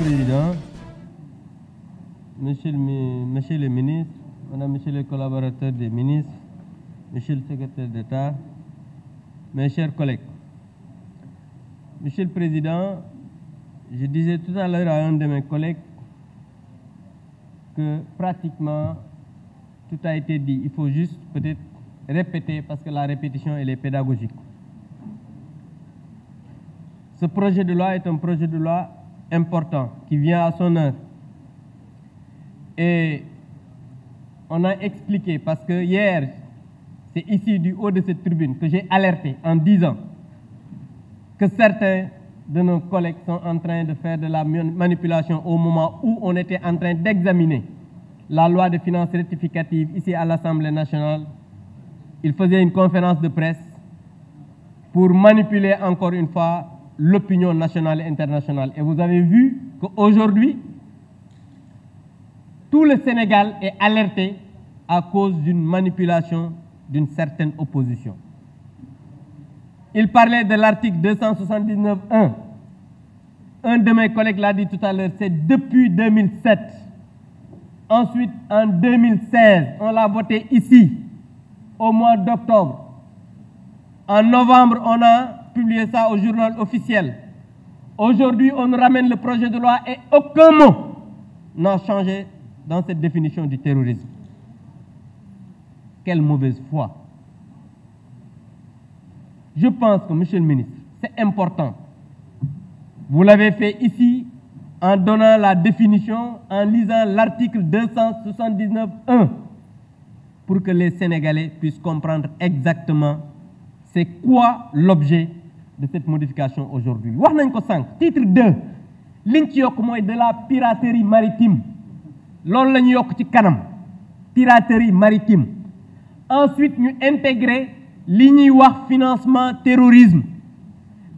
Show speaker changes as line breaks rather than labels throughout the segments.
Président, monsieur le, monsieur le ministre, Madame, Monsieur les collaborateurs des ministres, Monsieur le secrétaire d'État, mes chers collègues. Monsieur le Président, je disais tout à l'heure à un de mes que pratiquement tout a été dit. Il faut juste peut-être répéter parce que la répétition, elle est pédagogique. Ce projet de loi est un projet de loi important qui vient à son heure. Et on a expliqué, parce que hier, c'est ici du haut de cette tribune que j'ai alerté en disant que certains de nos collègues sont en train de faire de la manipulation au moment où on était en train d'examiner la loi de finance rectificative ici à l'Assemblée nationale. Ils faisaient une conférence de presse pour manipuler encore une fois l'opinion nationale et internationale. Et vous avez vu qu'aujourd'hui, tout le Sénégal est alerté à cause d'une manipulation d'une certaine opposition. Il parlait de l'article 279.1. Un de mes collègues l'a dit tout à l'heure, c'est depuis 2007. Ensuite, en 2016, on l'a voté ici, au mois d'octobre. En publié ça au journal officiel. Aujourd'hui, on nous ramène le projet de loi et aucun mot n'a changé dans cette définition du terrorisme. Quelle mauvaise foi. Je pense que, Monsieur le ministre, c'est important. Vous l'avez fait ici en donnant la définition, en lisant l'article 279.1 pour que les Sénégalais puissent comprendre exactement c'est quoi l'objet de cette modification aujourd'hui wax nañ ko sànq titre 2 liñ ci yokk mooy de la piraterie maritime loolu la ñu yokk ci kanam piraterie maritime ensuite ñu intégrer li ñuy wax financement terrorisme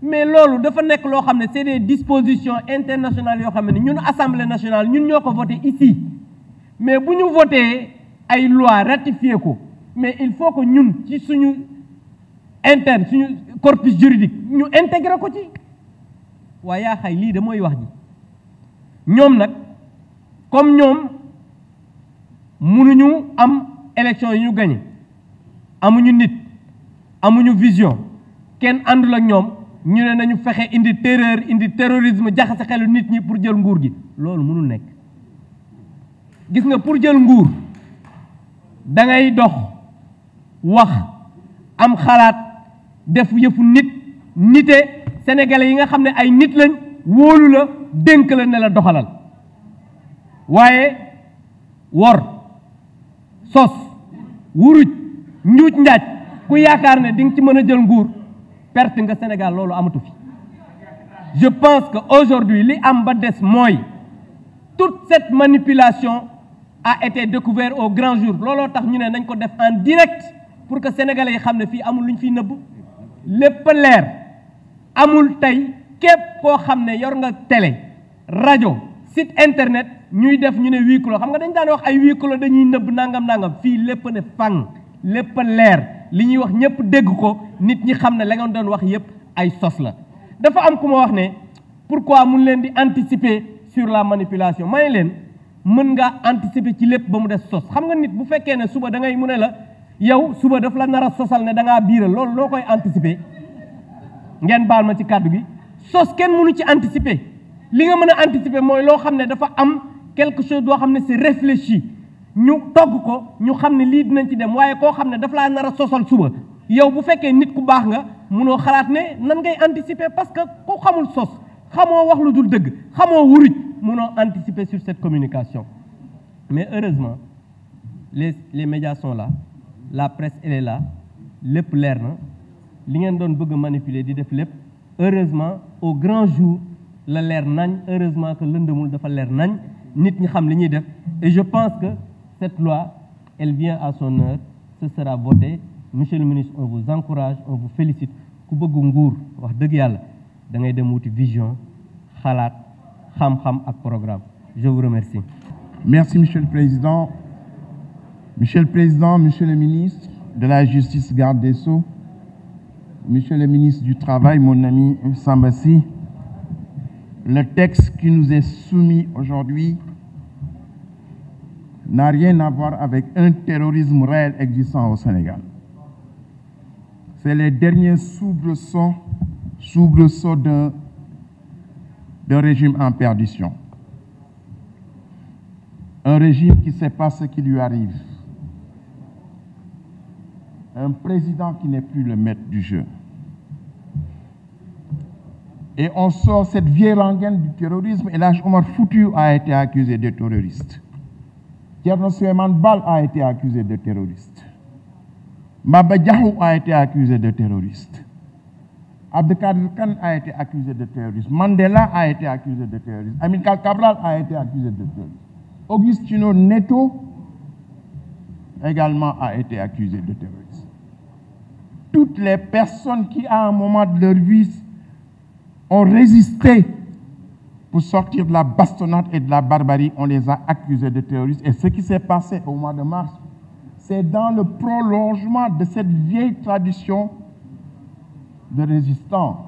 mais loolu dafa nekk loo xam ne c'est des dispositions internationales yoo xam ne ñun assemblée nationale ñun ñoo ko voté ici mais bu ñu voté ay loi ratifié ko mais il faut que ñun ci suñu interne suñu corpus juridique ñu intégré ko ci waaye yaa xay lii de mooy wax ji ñoom nag comme ñoom mënuñu am élection yi ñu gañe amuñu nit amuñu vision kenn àndul ak ñoom ñu ne nañu fexe indi terreur indi terrorisme jaxase xelu nit ñi pour jël nguur gi loolu mënul nekk gis nga pour jël nguur dangay dox wax am xalaat def yëfu nit nite sénégalais yi nga xam ne ay nit lañ wóolu la dénk la ne la doxalal waaye wor sos wuruj njuuj njaaj ku yaakaar ne di nga ci mën a jël nguur perte nga Sénégal loolu amatu fi je pense que aujourd'hui li am ba des mooy tout cette manipulation a été découverte au grand jour looloo tax ñu ne nañ ko def en direct pour que sénégalais yi xam ne fii amul lu fiy nëbb lépp leer amul tey képp koo xam ne yor nga tele rajo site internet ñuy def ñu ne huis clos xam nga dañ daan wax ay huis clos dañuy nëbb nangam nangam fii lépp ne fang lépp leer li ñuy wax ñëpp dégg ko nit ñi xam ne la doon wax yëpp ay sos la dafa am ku ma wax ne pour pourquoi mun leen di anticiper sur la manipulation may leen mën nga anticiper ci lépp ba mu des sos xam nga nit bu fekkee ne suba da ngay mu ne la yow suba daf la nar a sosal ne da ngaa biiral loolu loo koy anticiper ngeen baal ma ci kàddu gi sos kenn mënu ci anticiper li nga mën a anticiper mooy loo xam ne dafa am quelque chose doo xam ne c'est réfléchi ñu togg ko ñu xam ne lii dinañ ci dem waaye koo xam ne daf laa nara a sosal suba yow bu fekkee nit ku baax nga munoo xalaat ne nan ngay anticiper parce que ku xamul sos xamoo wax lu dul dëgg xamoo wuruj munoo anticiper sur cette communication mais heureusement les les médias sont la presse elle est lépp leer na li ngeen doon bëgg a manipuler di def lépp heureusement au grand jour la leer nañ heureusement que lëndëmul dafa leer nañ nit ñi xam li ñuy def et je pense que cette loi elle vient à son heure ce sera voté monsieur le ministre on vous encourage on félicite ku bëgg nguur wax dëgg yàlla da ngay dem wuti vision xalaat xam-xam ak programme je vous remercie
monsieur le président Monsieur le Président, Monsieur le ministre de la Justice, garde des Sceaux, Monsieur le ministre du Travail, mon ami Sambassi, le texte qui nous est soumis aujourd'hui n'a rien à voir avec un terrorisme réel existant au Sénégal. C'est les derniers soubresauts, soubresauts d'un d'un régime en perdition. Un régime qui sait pas ce qui lui arrive. un président qui n'est plus le maître du jeu. Et on sort cette vieille rengaine du terrorisme. Et là, Omar Foutu a été accusé de terroriste. Thierno Suleiman Bal a été accusé de terroriste. Maba Diakhou a été accusé de terroriste. Abdelkader Khan a été accusé de terrorisme. Mandela a été accusé de terrorisme. Amilcar Cabral a été accusé de terrorisme. Augustino Neto également a été accusé de terrorisme. toutes les personnes qui, à un moment de leur vie, ont résisté pour sortir de la bastonnade et de la barbarie, on les a accusés de terroristes. Et ce qui s'est au mois de mars, c'est dans le prolongement de cette vieille tradition de résistance.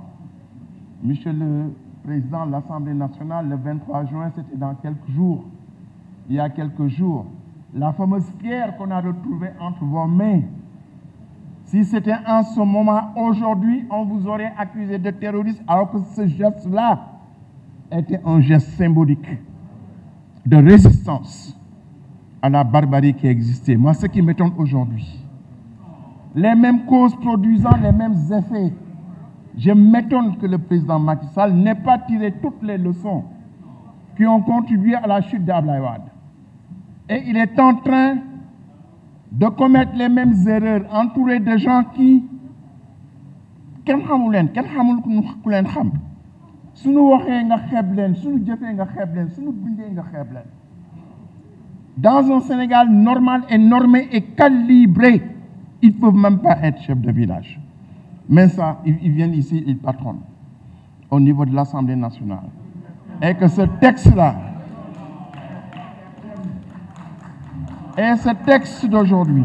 le Président de l'Assemblée nationale, le 23 juin, c'était dans quelques jours, il y a quelques jours, Si c'était en ce moment, aujourd'hui, on vous aurait accusé de terroriste, alors que ce geste-là était un geste symbolique de résistance à la barbarie qui existait. Moi, ce qui m'étonne aujourd'hui, les mêmes causes produisant les mêmes effets, je m'étonne que le président Macky Sall n'ait pas tiré toutes les leçons qui ont contribué à la chute d'Ablaïwad. Et il est en train de commettre les mêmes erreurs entourés de gens qui kenn xamul leen kenn xamul ku leen xam suñu waxee nga xeeb leen suñu jëfee nga xeeb leen suñu bindee nga xeeb leen dans un Sénégal normal et normé et calibré ils peuvent même pas être chef de village mais ça ils viennent ici ils patronnent au niveau de l'Assemblée nationale et que ce texte-là Et ce texte d'aujourd'hui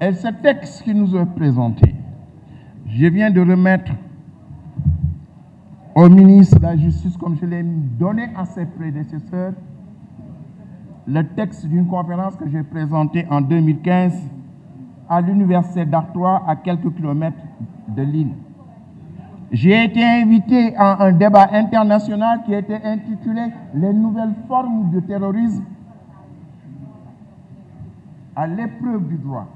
Et ce texte qui nous est présenté, je viens de remettre au ministre de la Justice, comme je l'ai donné à ses prédécesseurs, le texte d'une conférence que j'ai présentée en 2015 à l'université d'Artois, à quelques kilomètres de Lille. J'ai été invité à un débat international qui était intitulé Les nouvelles formes du terrorisme à l'épreuve du droit.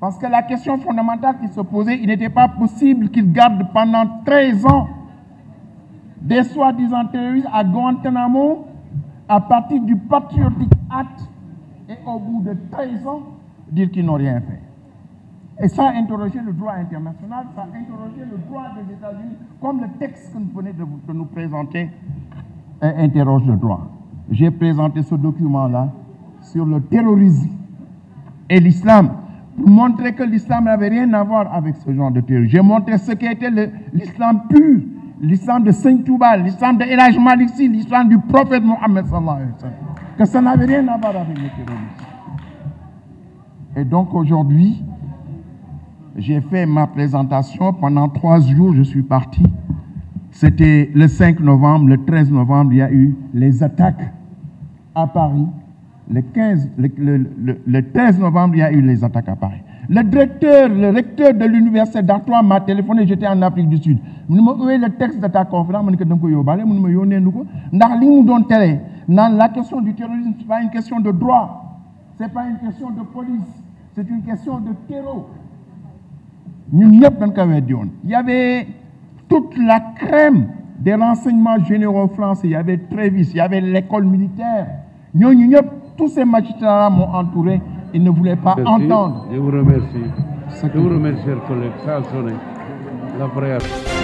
Parce que la question fondamentale qui se posait, il n'était pas possible qu'ils gardent pendant 13 ans des soi-disant terroristes à Guantanamo à partir du Patriotic Act et au bout de 13 ans dire qu'ils n'ont rien fait. Et ça a le droit international, ça a le droit des États-Unis, comme le texte de, nous présenter euh, interroge le droit. J'ai présenté ce document-là sur le terrorisme et l'islam pour montrer que l'islam n'avait rien à voir avec ce genre de terrorisme. J'ai montré ce qu'était l'islam pur, l'islam de Saint Toubal, l'islam de Elaj Maliksi, l'islam du prophète Mohammed sallallahu Que ça n'avait rien à voir Et donc aujourd'hui, j'ai fait ma présentation. Pendant trois jours, je suis parti. C'était le 5 novembre, le 13 novembre, il y a eu les attaques à Paris. Le, 15, le, le, le 13 novembre, il y a eu les attaques à Paris. Le directeur, le recteur de l'université d'Artois m'a téléphoné, j'étais en Afrique du Sud. mu ne ma owee le texte de ta conférence ma ne ko da nga ko yóbbaale mu ne ma ko ndax li doon tere naan la question du terrorisme c'est pas une question de droit c'est pas une question de police c'est une question de terreau ñun ñëpp dañ ko weddi woon y avait toute la crème des renseignements généraux français y avait Trévis y avait l'école militaire ñooñu ñëpp tous ces magistrats m'ont entouré ils ne voulaient pas Merci. entendre je vous remercie je vous remercie chers collègues ça a sonné la prière